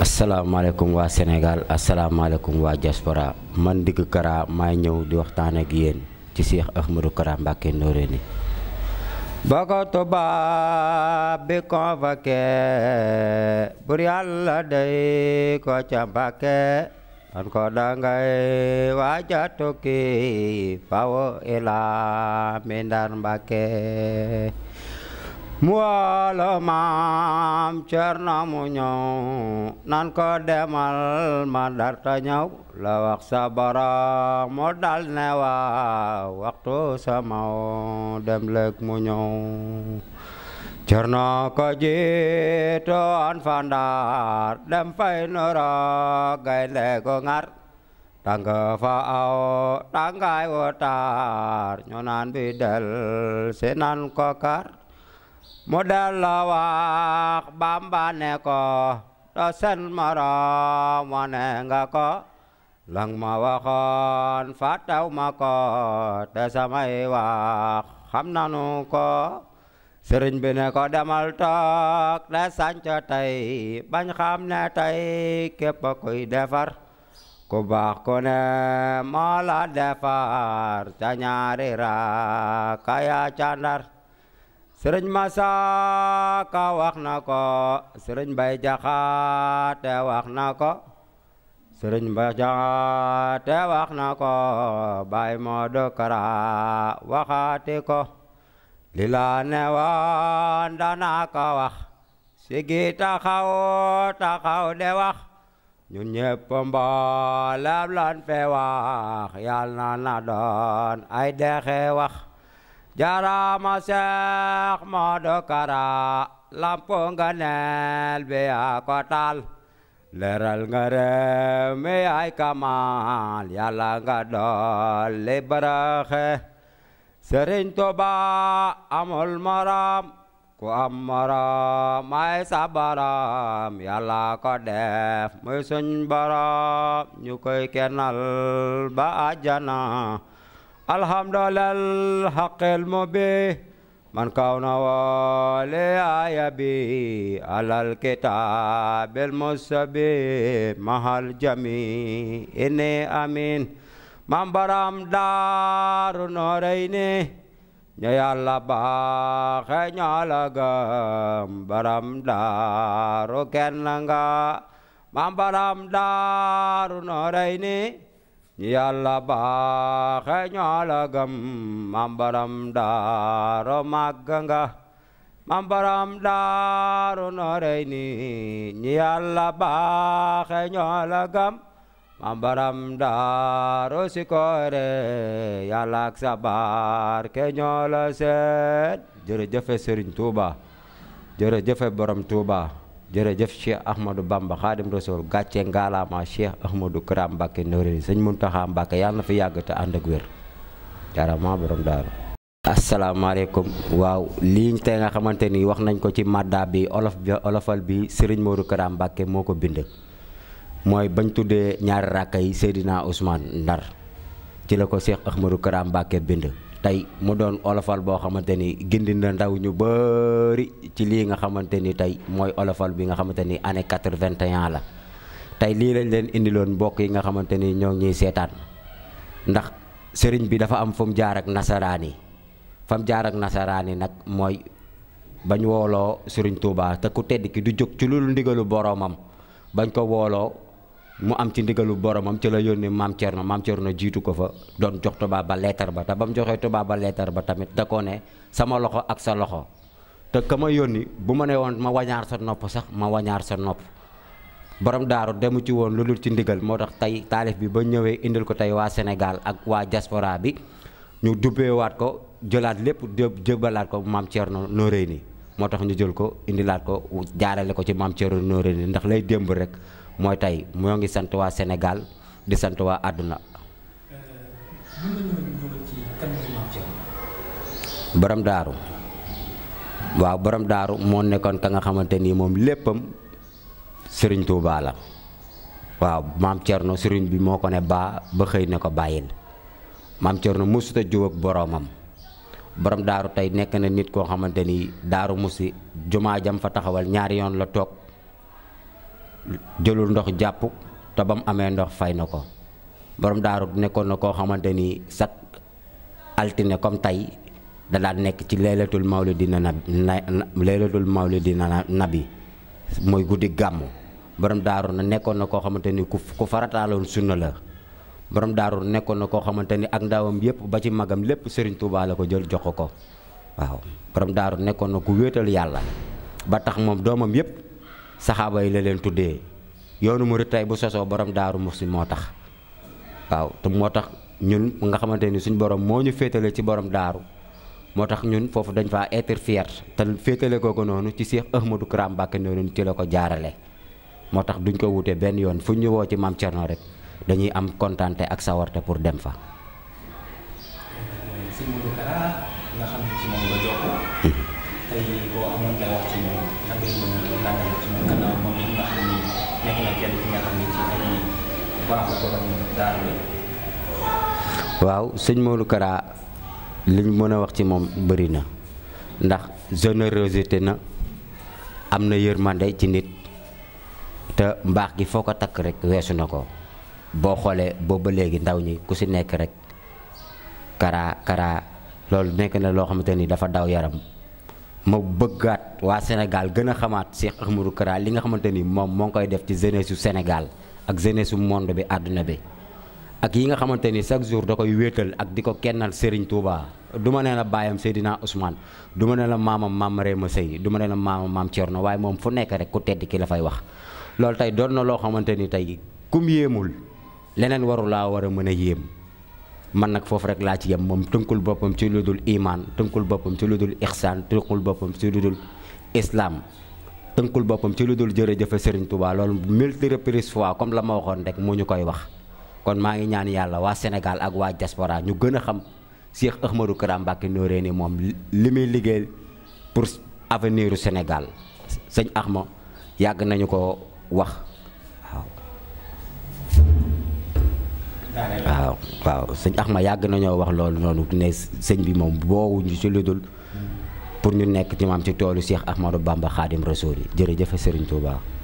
assalamualaikum wa Sénégal assalamualaikum wa diaspora man dig Kara may ñew di waxtaan ak e yeen ci Cheikh Ahmadou Kara Mbacké Noreyni bako toba be bi convoqué bur yàlla day ko ca bake an ko wa waaja tukki fawo ila mendar mbake mua cerna munyo nan kade mal ma dar sabara modal newa waktu sama dem lek cerna kaji doan fandar dem fai nora gai le ngar tangga faau tangga wotar nyonan bidel senan kokar modal lawak bambane ko dosen mara mane ngako lang mawakan fatau mako tesamai wak hamnanu ko sering bine ko damal tok desan cotai banyak hamna tai kepokoi defar ko bak ko ne mala defar canyari ra kaya candar sëriñ Massa Ka wax na ko sëriñ Mbay Jaxate wax na ko sërëñ Mbay Jaxate wax na ko Baay Moodu Kara waxaati ko li la ne woon wax sigi taxaw taxaw de wax ñun ñépp mboolem lan fe wax yal na na doon ay dexe wax jarama Seex Moodu Kara lampu ngëneel bi a ko taal leeral nga réew mi ay kamal yàlla nga dolli baraxe Sëriñ Tuubaa amul morom ku am morom ay sa borom yàlla ko def muy suñ borom ñu koy kennal ba àjjana الحمد للحق المبين من كون ولي به على الكتاب المستبين مع الجميع إني أمين من برام دار نوريني ña yàlla baaxe ña la gëm baram daaru kenn nga mam baram daaru noorey ni yàlla baaxe ñoo la gëm mambaram daaro màgg nga mambaram daaro norey ni ñi yàlla baaxe ñoo la gëm mambaram daaro sikoore yàlla ak sa barke ñoo la seet Tuuba jërëjëfe Borom Tuuba jërëjëf Cheikh Ahmadou Bamba Xaadim Rasul gàcce ngaalaama Cheikh Ahmadou Karam Mbàkke Noreyni sëñ Muntaxa Mbàkke yàlla na fi yàgg te ànd ak wér jaarama borom waaw lii tey nga xamante ni wax nañ ko ci madda bi olof bi olofal bi sëriñ Modou Karam Mbàkke moo ko bind mooy bañ tuddee ñaari ràkka yi Seydina Ousmane Ndar ci la ko Cheikh Ahmadou Karam Mbàkke bind tay mu doon olofal bo xamanteni ni gindi na ndaw ñu bari ci li nga xamanteni tay moy olofal bi nga xamanteni ni année quatre la tay li lañ leen indiloon mbokk yi nga xamanteni ñoo ñi ñuy ndax sëriñ bi dafa am fum jaar ak nasarani fam jaar ak nasarani nak moy bañ wolo sëriñ Touba te ku tedd ki du jog ci lu ndigalu boromam bañ ko wolo mu am ci ndigalu boromam ci la yónnee maam Thierno maam Thierno jiitu ko fa doon jox tubaab ba leetar ba te ba mu joxee tubaaba ba leetar ba tamit da koo ne sama loxo ak sa loxo te ka ma yónni bu ma nee woon ma wañaar sa nopp sax ma wañaar sa nopp borom daaru demu ci woon lu dul ci ndigal moo tax tey taalif bi ba ñëwee indil ko tey waa Sénégal ak waa diaspora bi ñu dubbeewaat ko jëlaat lépp jëbalaat ko maam Thierno Noreyni moo tax ñu jël ko indilaat ko jaarale ko ci maam Thierno Noreyni ndax lay démb rek moy tay mo ngi sant wa senegal di sant wa aduna borom daru wa borom daru mo nekkon ka nga xamanteni mom leppam serigne touba la wa mam tierno serigne bi moko ne ba ba xey ne ko bayil mam tierno musuta jóg ak boromam borom daru tay nek na nit ko xamanteni daru musi juma jam fa taxawal ñaari yon la tok jëlul ndox jàpp te ba mu amee ndox fay na ko borom daaru nekkoon na koo xamante ni sat altine comme tey da daan nekk ci laylatul mawlidi na laylatul mawlidi na nabi mooy guddi gàmm borom daaru na nekkoon na koo xamante ni ku farataaloon sunna la borom daaru nekkoon na koo xamante ni ak ndawam yëpp ba ci magam lépp Serigne Touba ko jël jox ko waaw borom daaru nekkoon na ku wéetal yàlla ba tax moom doomam yëpp. saxaaba yi la leen tuddee yoonu murit tey bu sosoo borom daaru muxsi moo tax waaw te moo tax ñun bu nga xamante ni suñ borom moo ñu féetale ci borom daaru moo tax ñun foofu dañ fa être fier te féetale kooku noonu ci Cheikh Ahmadou Kara Mbacké noonu ci la ko jaarale moo tax duñ ko wute benn yoon fu ñu woo ci maam Thierno rek dañuy am kontaante ak sawarte pour dem fa. waaw sëñ Modou karaa li mën a wax ci moom bëri na ndax générosité na am na yërmande ci nit te mbaax gi foo ko takk rekk weesu na ko boo xoolee booba léegi ndaw ñi ku ci nekk rek Kara karaa loolu nekk na loo xamante ni dafa daw yaram. ma bëggaat waa Sénégal gën a xamaat Cheikh Ahmadou Kara li nga xamante ni moom moo ngi koy def ci jeunesse su Sénégal ak jeunesse su monde bi àdduna bi ak yi nga xamante ni chaque jour da koy wéetal ak di ko kennal Serigne Touba du ma nee la baayam Seydina Ousmane du ma nee la maamam maam Réma Sey du ma nee la maamam maam Thierno waaye moom fu nekk rek ku tedd ki la wax loolu tey doon na loo xamante ni tey kum yéemul leneen waru laa war a mën a yéem. man nag foofu rek laa ci yem moom tënkul boppam ci lu dul imaan tënkul boppam ci lu dul ixsaan tënkul boppam ci lu dul islaam tënkul boppam ci lu dul jërëjëfe Serigne Touba loolu multi reprise fois comme la ma waxoon rek mu ñu koy wax kon maa ngi ñaan yàlla waa Sénégal ak waa jasporaa ñu gën a xam Cheikh Ahmadou Kara Mbacké Noreyni moom li muy liggéey pour avenir u Sénégal sëñ Axma yàgg nañu ko wax waaw waaw sëñ ma yàgg nañoo wax loolu noonu ne sëñ bi moom boowuñu ci lu dul pour ñu nekk ci maam ci toolu Cheikh Ahmadou Bamba Khadim Rassoul yi jërëjëf Serigne Touba.